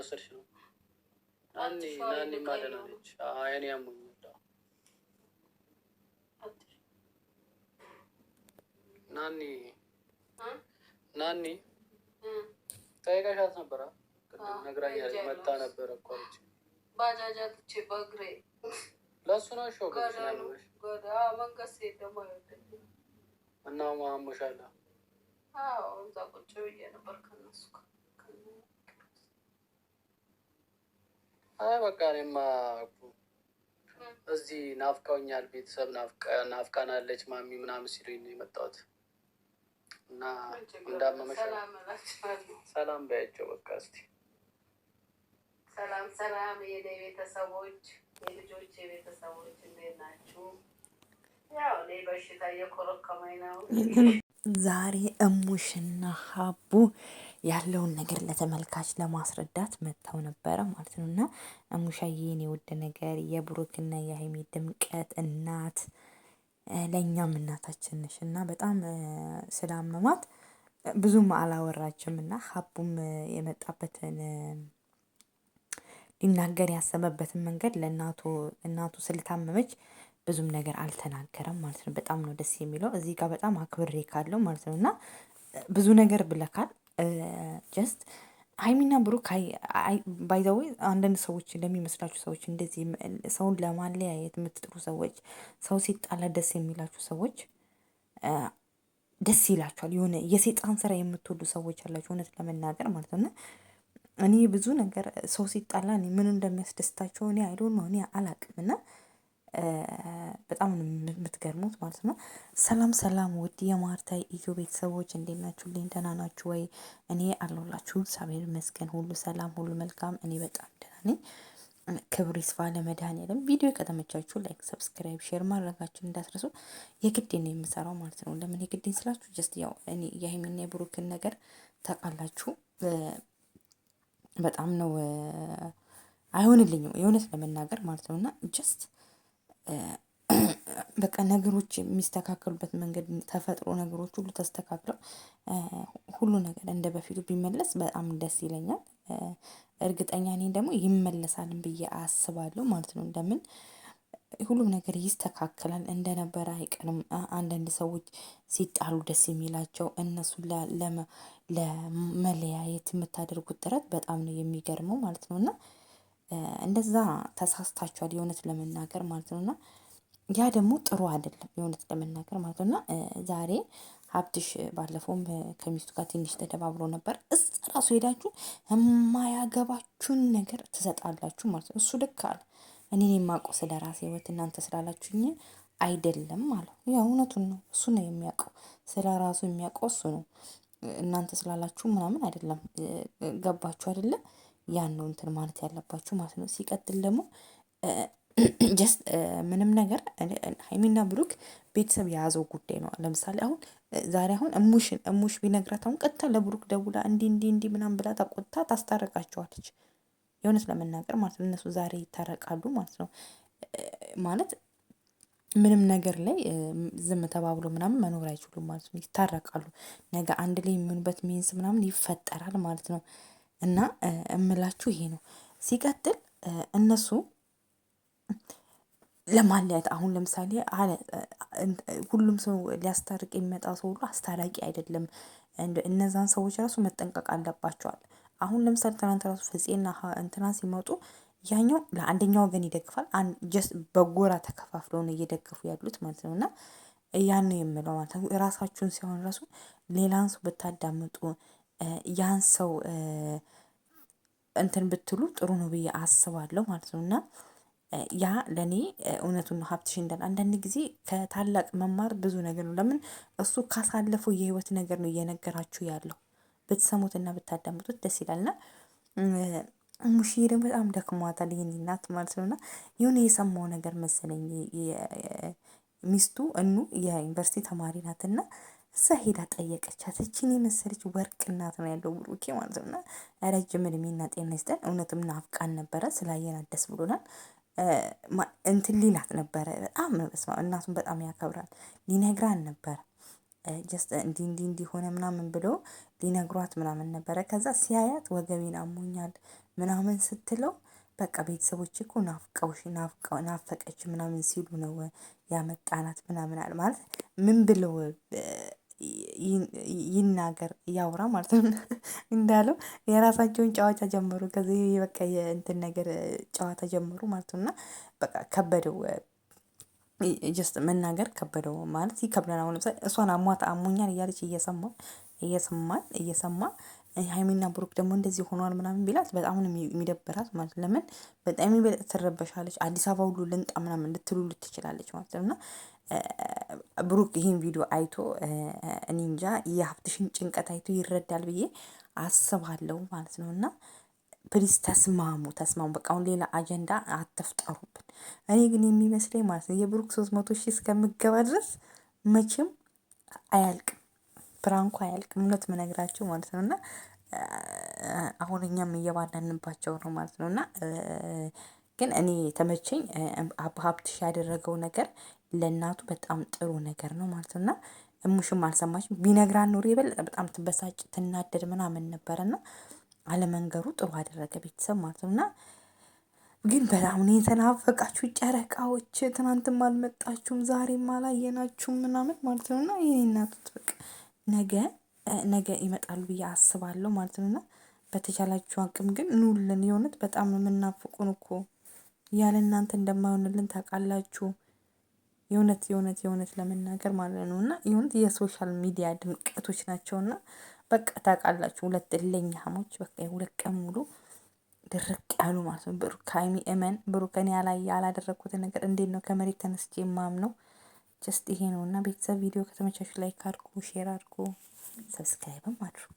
እየወሰድሽ ነው? ናኒ ማደና ናኒ ናኒ ጠይቀሻት ነበረ። ቅድም ነግራኛለች። ነበረ እኮ አለች። ባጃጃ ትቼ በእግሬ ነው ሾ መንገስ እና ማሙሻላ እዛ ቁጭ ብዬ ነበር ከነሱ አይ በቃ እኔማ እዚህ ናፍቀውኛል፣ ቤተሰብ ናፍቃናለች ማሚ ምናምን ሲሉኝ ነው የመጣሁት እና እንዳመመሽ ሰላም በያቸው። በቃ እስኪ ሰላም ሰላም፣ የኔ ቤተሰቦች፣ የልጆች የቤተሰቦች እንዴት ናችሁ? ያው እኔ በሽታ እየኮረኮመኝ ነው። ዛሬ እሙሽና ሀቡ ያለውን ነገር ለተመልካች ለማስረዳት መጥተው ነበረ ማለት ነው። እና እሙሻዬን የወደ ነገር የብሩክና የሀይሜ ድምቀት እናት ለእኛም እናታችን ነሽ እና በጣም ስላመማት ብዙም አላወራችም እና ሀቡም የመጣበትን ሊናገር ያሰበበትን መንገድ ለእናቱ እናቱ ስለታመመች ብዙም ነገር አልተናገረም ማለት ነው። በጣም ነው ደስ የሚለው እዚህ ጋር በጣም አክብሬ ካለው ማለት ነው እና ብዙ ነገር ብለካል ጀስት ሀይሚና ብሩክ ባይዘዌ አንዳንድ ሰዎች እንደሚመስላችሁ ሰዎች እንደዚህ ሰውን ለማለያየት የምትጥሩ ሰዎች፣ ሰው ሲጣላ ደስ የሚላችሁ ሰዎች ደስ ይላችኋል። የሆነ የሴጣን ስራ የምትወዱ ሰዎች አላችሁ እውነት ለመናገር ማለት ነው። እኔ ብዙ ነገር ሰው ሲጣላ ምን እንደሚያስደስታቸው እኔ አይዶ ነው እኔ አላቅም እና በጣም የምትገርሙት ማለት ነው። ሰላም ሰላም፣ ውድ የማርታ ኢትዮ ቤተሰቦች እንዴት ናችሁልኝ? ደህና ናችሁ ወይ? እኔ አለሁላችሁ እግዚአብሔር ይመስገን፣ ሁሉ ሰላም፣ ሁሉ መልካም። እኔ በጣም ደህና ነኝ። ክብር ይስፋ ለመድኃኒዓለም። ቪዲዮ ከተመቻችሁ ላይክ፣ ሰብስክራይብ፣ ሼር ማድረጋችሁን እንዳትረሱ። የግድ ነው የምሰራው ማለት ነው። ለምን የግድ ስላችሁ ጀስት ያው እኔ የሀይሚና የብሩክን ነገር ታውቃላችሁ። በጣም ነው አይሆንልኝም የእውነት ለመናገር ማለት ነው እና ጀስት በቃ ነገሮች የሚስተካከሉበት መንገድ ተፈጥሮ ነገሮች ሁሉ ተስተካክለው ሁሉ ነገር እንደ በፊቱ ቢመለስ በጣም ደስ ይለኛል። እርግጠኛ ነኝ ደግሞ ይመለሳል ብዬ አስባለሁ ማለት ነው። ለምን ሁሉም ነገር ይስተካከላል እንደነበረ አይቀርም። አንዳንድ ሰዎች ሲጣሉ ደስ የሚላቸው እነሱን ለመለያየት የምታደርጉት ጥረት በጣም ነው የሚገርመው ማለት ነው። እና እንደዛ ተሳስታችኋል የእውነት ለመናገር ማለት ነው እና ያ ደግሞ ጥሩ አይደለም የእውነት ለመናገር ማለት ነው እና ዛሬ ሀብትሽ ባለፈውም ከሚስቱ ጋር ትንሽ ተደባብሮ ነበር። እዛ ራሱ ሄዳችሁ የማያገባችሁን ነገር ትሰጣላችሁ ማለት ነው። እሱ ልክ አለ። እኔን የማውቀው ስለ ራሴ ህይወት እናንተ ስላላችሁኝ አይደለም አለው። ያ እውነቱን ነው። እሱ ነው የሚያውቀው፣ ስለ ራሱ የሚያውቀው እሱ ነው። እናንተ ስላላችሁ ምናምን አይደለም። ገባችሁ አይደለም? ያን ነው እንትን ማለት ያለባችሁ ማለት ነው። ሲቀጥል ደግሞ ጀስት ምንም ነገር ሀይሚና ብሩክ ቤተሰብ የያዘው ጉዳይ ነው። ለምሳሌ አሁን ዛሬ አሁን እሙሽን እሙሽ ቢነግራት አሁን ቀጥታ ለብሩክ ደውላ እንዲ እንዲ እንዲ ምናምን ብላ ተቆጥታ ታስታረቃቸዋለች። የእውነት ለመናገር ማለት ነው እነሱ ዛሬ ይታረቃሉ ማለት ነው። ማለት ምንም ነገር ላይ ዝም ተባብሎ ምናምን መኖር አይችሉም ማለት ነው። ይታረቃሉ። ነገ አንድ ላይ የሚሆኑበት ሚንስ ምናምን ይፈጠራል ማለት ነው። እና እምላችሁ ይሄ ነው። ሲቀጥል እነሱ ለማለያየት አሁን ለምሳሌ ሁሉም ሰው ሊያስታርቅ የሚመጣ ሰው ሁሉ አስታራቂ አይደለም። እነዛን ሰዎች ራሱ መጠንቀቅ አለባቸዋል። አሁን ለምሳሌ ትናንት ራሱ ፍፄና እንትና ሲመጡ ያኛው ለአንደኛው ወገን ይደግፋል። ጀስት በጎራ ተከፋፍለው ነው እየደገፉ ያሉት ማለት ነው እና ያን ነው የምለው ማለት ነው። ራሳችሁን ሲሆን ራሱ ሌላን ሰው ብታዳምጡ ያን ሰው እንትን ብትሉ ጥሩ ነው ብዬ አስባለሁ ማለት ነው። እና ያ ለኔ እውነቱን ነው ሀብትሽ እንዳለ አንዳንድ ጊዜ ከታላቅ መማር ብዙ ነገር ነው። ለምን እሱ ካሳለፈው የህይወት ነገር ነው እየነገራችሁ ያለው ብትሰሙትና ብታዳምጡት ደስ ይላል። እና ሙሽዬ ደግሞ በጣም ደክሟታል ይህን እናት ማለት ነው። እና የሆነ የሰማው ነገር መሰለኝ ሚስቱ እኑ የዩኒቨርሲቲ ተማሪ ናትና እዛ ሄዳ ጠየቀቻት። እችን የመሰለች ወርቅ እናት ነው ያለው ብሩኬ ማለት ነው። እና ረጅም እድሜና ጤና ይስጠን። እውነትም ናፍቃን ነበረ ስላየናት ደስ ብሎናል። እንትን ሊላት ነበረ በጣም በስማ እናቱን በጣም ያከብራል። ሊነግራን ነበር ጀስት እንዲ እንዲ እንዲሆነ ምናምን ብሎ ሊነግሯት ምናምን ነበረ። ከዛ ሲያያት ወገቤን አሞኛል ምናምን ስትለው በቃ ቤተሰቦች እኮ ናፍቀውሽ ናፈቀች ምናምን ሲሉ ነው ያመጣናት ምናምን አለ ማለት ምን ብለው ይናገር ያውራ ማለት ነው እንዳለው የራሳቸውን ጨዋታ ጀመሩ። ከዚህ በቃ የእንትን ነገር ጨዋታ ጀመሩ ማለት ነው እና በቃ ከበደው ጀስት መናገር ከበደው ማለት ይከብደናል። አሁን ለምሳሌ እሷን አሟት አሞኛል እያለች እየሰማው እየሰማን እየሰማ ሀይሚና ብሩክ ደግሞ እንደዚህ ሆኗል ምናምን ቢላት በጣም ነው የሚደብራት ማለት ነው። ለምን በጣም ይበልጥ ትረበሻለች። አዲስ አበባ ሁሉ ልንጣ ምናምን ልትሉሉ ትችላለች ማለት ነው። እና ብሩክ ይህን ቪዲዮ አይቶ እኔ እንጃ የሀብትሽን ጭንቀት አይቶ ይረዳል ብዬ አስባለሁ ማለት ነው። እና ፕሊዝ ተስማሙ፣ ተስማሙ። በቃ አሁን ሌላ አጀንዳ አትፍጠሩብን። እኔ ግን የሚመስለኝ ማለት ነው የብሩክ ሶስት መቶ ሺህ እስከምገባ ድረስ መቼም አያልቅም። ፕራንኩ አያልቅም። እውነት መነግራቸው ማለት ነው እና አሁን እኛም እየባላንባቸው ነው ማለት ነው እና ግን እኔ ተመቸኝ። ሀብትሽ ያደረገው ነገር ለእናቱ በጣም ጥሩ ነገር ነው ማለት ነው እና እሙሽም አልሰማችም። ቢነግራን ኖሮ የበለጠ በጣም ትበሳጭ ትናደድ ምናምን ነበረና አለመንገሩ ጥሩ አደረገ ቤተሰብ ማለት ነው እና ግን በጣም ነው የተናፈቃችሁ ጨረቃዎች። ትናንትም አልመጣችሁም ዛሬም አላየናችሁም ምናምን ማለት ነው እና ይህ እናቱት በቃ ነገ ነገ ይመጣሉ ብዬ አስባለሁ ማለት ነው። በተቻላችሁ አቅም ግን ኑልን የእውነት በጣም የምናፍቁን እኮ ያለ እናንተ እንደማይሆንልን ታውቃላችሁ። የእውነት የእውነት የእውነት ለመናገር ማለት ነው እና የእውነት የሶሻል ሚዲያ ድምቀቶች ናቸው። እና በቃ ታውቃላችሁ ሁለት ሀሞች በቃ የሁለት ቀን ሙሉ ድርቅ ያሉ ማለት ነው። ብሩክ ሃይሚ እመን ብሩክ እኔ ያላየ ያላደረግኩትን ነገር እንዴት ነው ከመሬት ተነስቼ የማምነው ጀስት ይሄ ነው እና ቤተሰብ ቪዲዮ ከተመቻችሁ ላይክ አድርጉ፣ ሼር አድርጉ፣ ሰብስክራይብም አድርጉ።